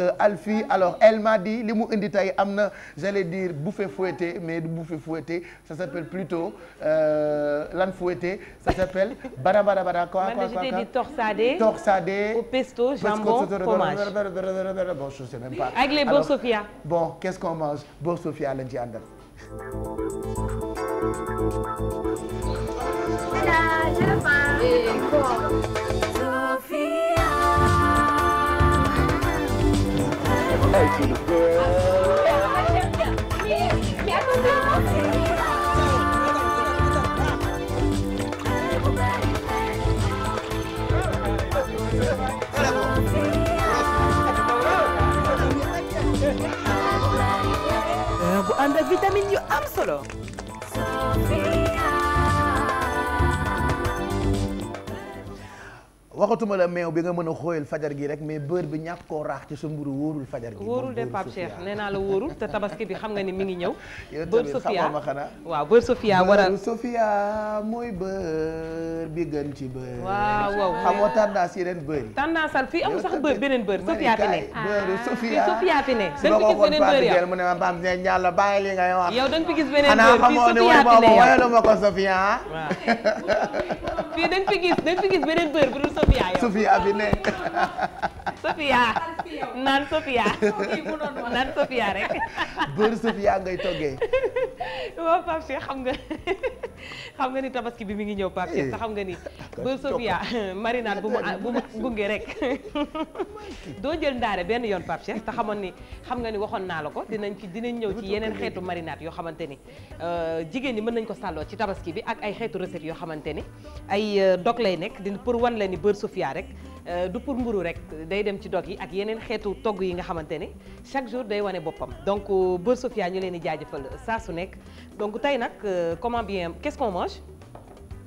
al Alfie alors elle m'a li mu indi tey am na j'allais dire bouffé fouetté mais du bouffé fouetté ça s'appelle plutôt euh, lan fouetté ça s'appelle bara bara bara quoi quoi quoi quoi torsadé torsadé au pesto jambon fromage bon je sais même pas bon qu'est-ce qu'on mange boursophia lañ ci àndal voilà beautiful girl. bu ànd ak vitamine yu am solo waxatuma la meew bi nga mën a xóoyal fajar gi rek mais beurre bi ñàkk koo raax ci sa mburu wóorul fajar gi wóorul de Pape Cheikh nee naa la wóorul te tabaski bi xam nga ni mi ngi ñëw beurre Sofia ma xanaa waaw beurre a mooy beurre bi gën ci beurre waaw waaw xam nga tendance yi ren beurre yi tendance al beneen beurre Sofia fi ne beurre ah, Sofia Sofia fi ne da nga fi gis beneen beurre yow mu ne ma Pape Cheikh Diallo bàyyi li ngay wax yow da nga fi gis beneen beurre fii Sofia fi ne yow xanaa xamoo ne fii dañ fi gis dañ fi gis beneen bër bu dul Sophia yow. Sophia bi ne. Sophia naan Sophia naan Sophia rek. bër Sophia ngay toggee. waaw Pape Cheikh xam nga. xam nga ni tabaski bi mi ngi ñëw Pape eh. te xam nga ni ba Sofia marinade bu mu bu mu gunge rek doo jël ndaare benn yoon Pape te xamoon ni xam nga ni waxoon naa la ko dinañ ci dinañ ñëw ci yeneen xeetu marinade yoo xamante ni euh, jigéen ñi mën nañ ko sàlloo ci tabaski bi ak ay xeetu recette yoo xamante ni ay euh, dog lay nekk di pour wan la ni beurre Sofia rek Euh, du pour mburu rek day dem ci dog yi ak yeneen xeetu togg yi nga xamante ni chaque jour day wane boppam donc euh, Beurre Sofia ñu leen di jaajëfal saa su nekk donc tey nag euh, comment bien qu'est-ce qu'on mange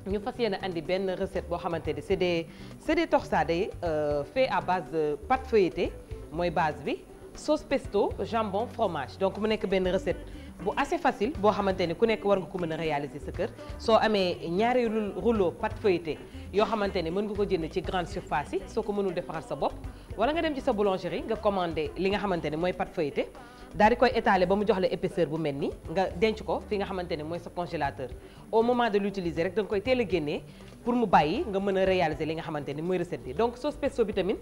ñu fas yéene indi benn recette boo xamante ni c'est des c'est des torsades euh, fait à base de pâte feuilletée mooy base bi sauce pesto jambon fromage donc mu nekk benn recette bu assez facile boo xamante ni ku nekk war nga ko mën a réaliser sa kër soo amee ñaari rouleau pâte feuilletée yoo xamante ne mën nga ko jënd ci grande surface yi soo ko mënul defaral sa bopp wala nga dem ci sa boulangerie nga commandé li nga xamante ne mooy pâte feuilletée daal di koy étaler ba mu jox la épaisseur bu mel ni nga denc ko fi nga xamante ne mooy sa congélateur au moment de l'utiliser rek danga koy teel a génnee pour mu bàyyi nga mën a réaliser li nga xamante ni mooy recette bi donc sauce bi tamit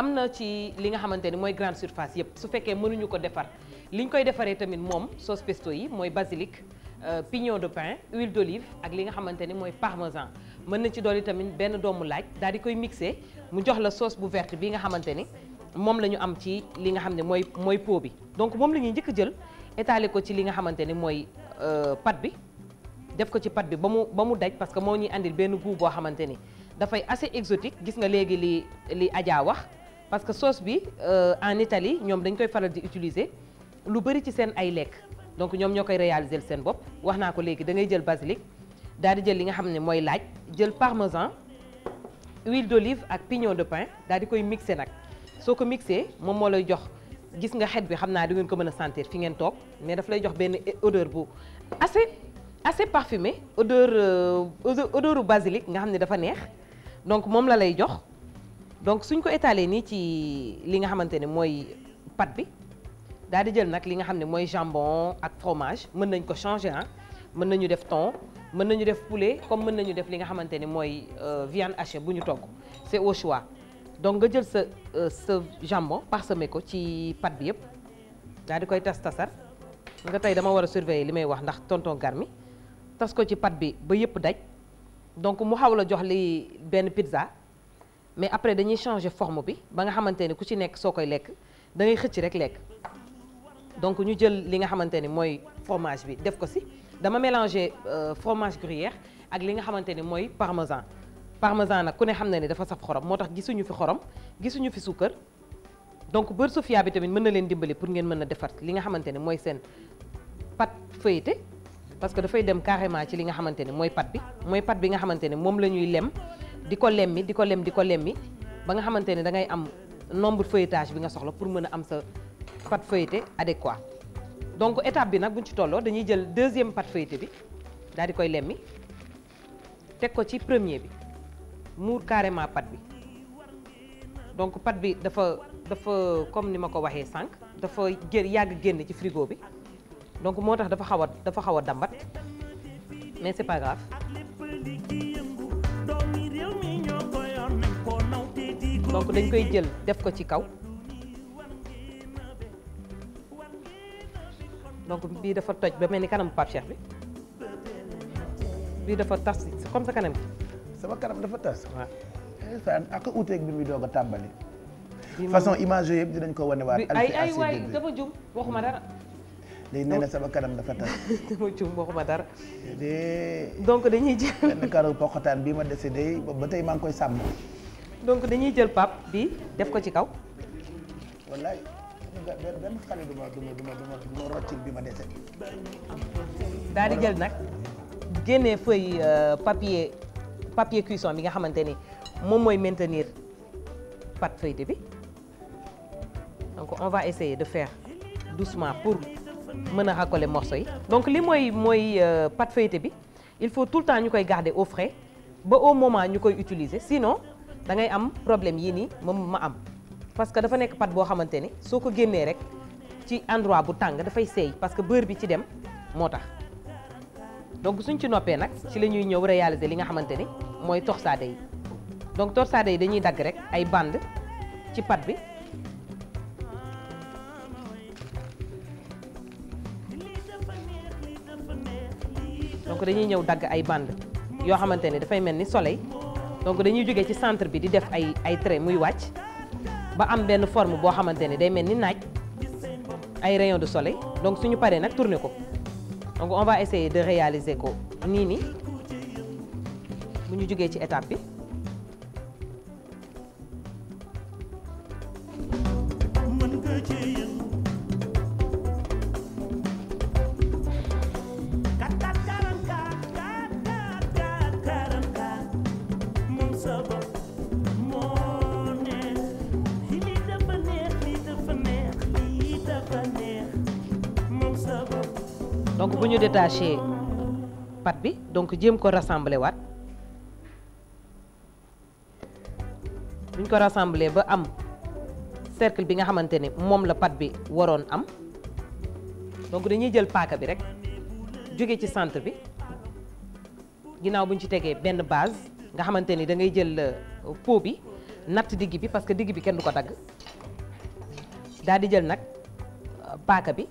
am na ci li nga xamante ni mooy grande surface yëpp su fekkee mënuñu ko defar li ñu koy defaree tamit moom sauce pesto yi mooy basilic euh, pignon de pin huile d'olive ak li nga xamante ni mooy parmesan mën na ci dolli tamit benn doomu laaj daal di mu jox la sauce bu verte bi nga xamante ni moom la ñu am ci li nga xam ne mooy mooy pot bi donc moom la ñuy njëkk jël étaler ko ci li nga xamante ni mooy euh, pâte bi def ko ci pâte bi ba mu ba mu daj parce que moo ñuy andil benn goût boo xamante ni dafay assez exotique gis nga léegi li li Adja wax parce que sauce bi euh, en Italie ñoom dañ koy faral di utiliser lu bëri ci seen ay lekk donc ñoom ñoo koy réaliser seen bopp wax naa ko léegi da ngay jël basilic daal di jël li nga xam ne mooy laaj jël parmesan huile d'olive ak pignon de pin daal di koy mixé nag soo ko mixé moom moo lay jox gis nga xet bi xam naa di ngeen ko mën a sentir fi ngeen toog mais daf lay jox benn odeur bu assez assez parfumé odeur euh, odeur u basilic nga xam ne dafa neex donc moom la lay jox. donc suñ ko étalee nii ci li nga xamante ne mooy pat bi daal di jël nag li nga xam ne mooy jambon ak fromage mën nañ ko changer ah mën nañu def thon mën nañu def poulet comme mën nañu def li nga xamante ni mooy euh, viande hachée bu ñu togg c'est au choix donc nga jël sa euh, sa jambon parsemé ko ci pâte bi yëpp daal di koy tas tasar nga tey dama war a surveiller li may wax ndax tonton garmi tas ko ci pâte bi ba yëpp daj donc mu xaw la jox li benn pizza mais après dañuy changer forme bi ba nga xamante ne ku ci nekk soo koy lekk da xëcc rek lekk donc ñu jël li nga xamante ni mooy fromage bi def ko si dama mélanger euh, fromage gruyère ak li nga xamante ni mooy parmesan parmesan nag ku ne xam na ne dafa saf xorom moo tax gisuñu fi xorom gisuñu fi suukar donc beurre sofia bi tamit mën leen dimbali pour ngeen mën a defar li nga xamante ne mooy seen pâte feuilletée parce que dafay dem carrément ci li nga xamante ne mooy pâte bi mooy pat bi nga xamante ne moom la ñuy lem di ko lemmi di ko lem di ko lemmi ba nga xamante ne da ngay am nombre feuilletage bi nga soxla pour mën a am sa pâte feuilletée adéquat donc étape bi nag buñ ci tolloo dañuy jël deuxième pâte feuilletée bi daal di koy lemmi teg ko ci premier bi muur carrément pâte bi donc pâte bi dafa dafa comme ni ma ko waxee sànq dafa gën yàgg génn ci frigo bi donc moo tax dafa xaw a dafa xaw a dambat mais c'est pas grave donc dañ koy jël def ko ci kaw donc bii dafa toj ba mel ni kanamu Pape bi bii dafa tas comme sa kanam sama kanam dafa tas waaw ndeysaan ak uteeg bi muy doog a tàmbali façon image yëpp dinañ ko wane waat ay ay waay dafa jum waxuma dara léegi nee na sama kanam dafa tas dama dara donc dañuy jël benn karaw poqataan bii ma dese day ba tey maa ngi koy sàmm donc dañuy jël pap bi def ko ci kaw. wallaay benn xale du daal di jël nag génnee feuille euh, papier papier cuisson bi nga xamante ni moom mooy maintenir pâte feuilletée bi donc on va essayer de faire doucement pour mën a raccoler morceaux yi. donc li mooy mooy euh, pâte feuilletée bi il faut tout le temps ñu koy garder au frais ba au moment ñu koy utiliser sinon. da ngay am problème yii nii moom ma am parce que dafa nekk pat boo xamante ni soo ko génnee rek ci endroit bu tàng dafay seey parce que beurre bi ci dem moo tax donc suñ ci noppee nag ci la ñuy ñëw réaliser li nga xamante ni mooy torsade yi donc torsade yi dañuy dagg rek ay bande ci pat bi donc dañuy ñëw dagg ay bande yoo xamante ni dafay mel ni soleil donc dañuy jógee ci centre bi di def ay ay trait muy wàcc ba am benn forme boo xamante ne day mel ni naaj ay rayon de soleil donc suñu paree nag tourner ko donc on va essayer de réaliser ko nii nii bu ñu jógee ci étape bi donc bu ñu détaché pat bi donc jéem ko rassembler waat buñ ko rassembler ba am cercle bi nga xamante ne moom la pat bi waroon am donc dañuy jël paaka bi rek jóge ci centre bi ginnaaw bu ñu ci tegee benn base nga xamante ni da ngay jël euh, pot bi natt digg bi parce que digg bi kenn du ko dagg daal di jël nag euh, paaka bi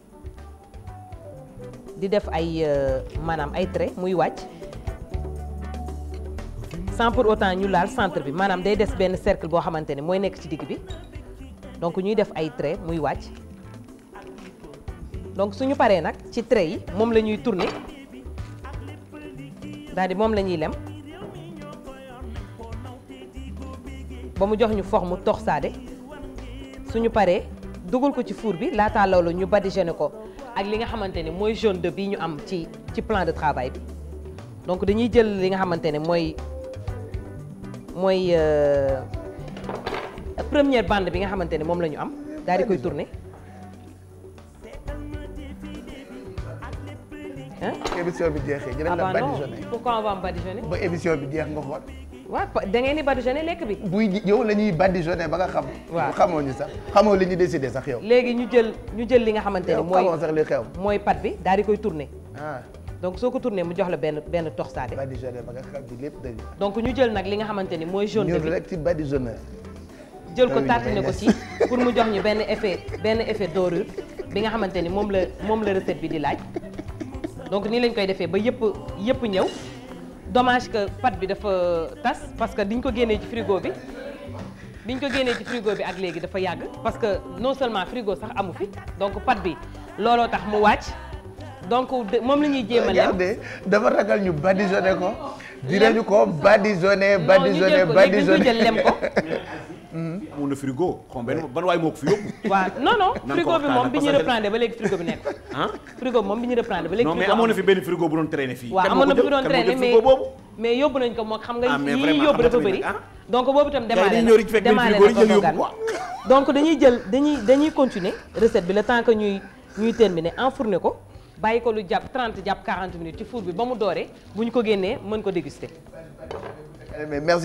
di def ay euh, maanaam ay trait muy wàcc sans pour ñu laal centre bi maanaam day des benn cercle boo xamante ni mooy nekk ci digg bi donc ñuy def ay trait muy wàcc donc suñu paree nag ci trait yi moom la ñuy tourner daal di moom la ñuy lem ba mu jox ñu forme torsade suñu paree duggul ko ci four bi laataa loolu ñu badigeonné ko ak li nga xamante ne mooy zone de bi ñu am ci ci plan de travail bi donc dañuy jël li nga xamante ne mooy mooy euh, première bande bi nga xamante ne moom la ñu am daal di koy tourner émission bi jeexee. ah non pourquoi on va badigeonner ba émission bi jeex nga xool. waaw da ngeen di badigeonné lekk bi. buy yow la ñuy badigeonné ba nga xam. waaw xamoo ñu sax xamoo li ñu décidé sax yow. léegi ñu jël ñu jël li nga xamante ne mooy xamoo sax li xew. mooy pat bi daal di koy tourné. Ah. donc soo ko tourné mu jox la benn benn toxtaade. badigeonné ba nga xam ni lépp ñu jël nag li nga xamante ni mooy jaune. ñun rek ci badigeonné. jël ko tartiné ko ci pour mu jox ñu benn effet benn effet dorure bi nga xamante ni moom la moom la recette bi di laaj donc nii lañ koy defee ba yëpp yëpp ñëw dommage que pat bi dafa tas parce que diñ ko génnee ci frigo bi biñ ko génnee ci frigo bi ak léegi dafa yàgg parce que non seulement frigo sax amu fi donc pâte bi looloo tax mu wàcc donc moom la ñuy jéem a lem dafa ragal ñu badigeonné ko. dinañu ko badigeonné badigeonné badigeonné non ñu jël ko léegi dañ ko jël lem ko. amoon na frigo xam benn ban waay moo ko fi yóbbu waaw non frigo bi moom bi ñu reprendre ba léegi frigo bi nekk frigo bi moom bi ñu reprendre ba léegi non mais amoon na fi benn frigo bu doon traîner fii waaw amoon na bu doon traîner mais mais yóbbu nañ ko moom xam nga ah, yi yóbbu dafa bëri donc boobu itam démarré na démarré na ko dañuy jël dañuy continuer recette bi le temps que ñuy terminer enfourner ko bàyyi ko lu jàpp 30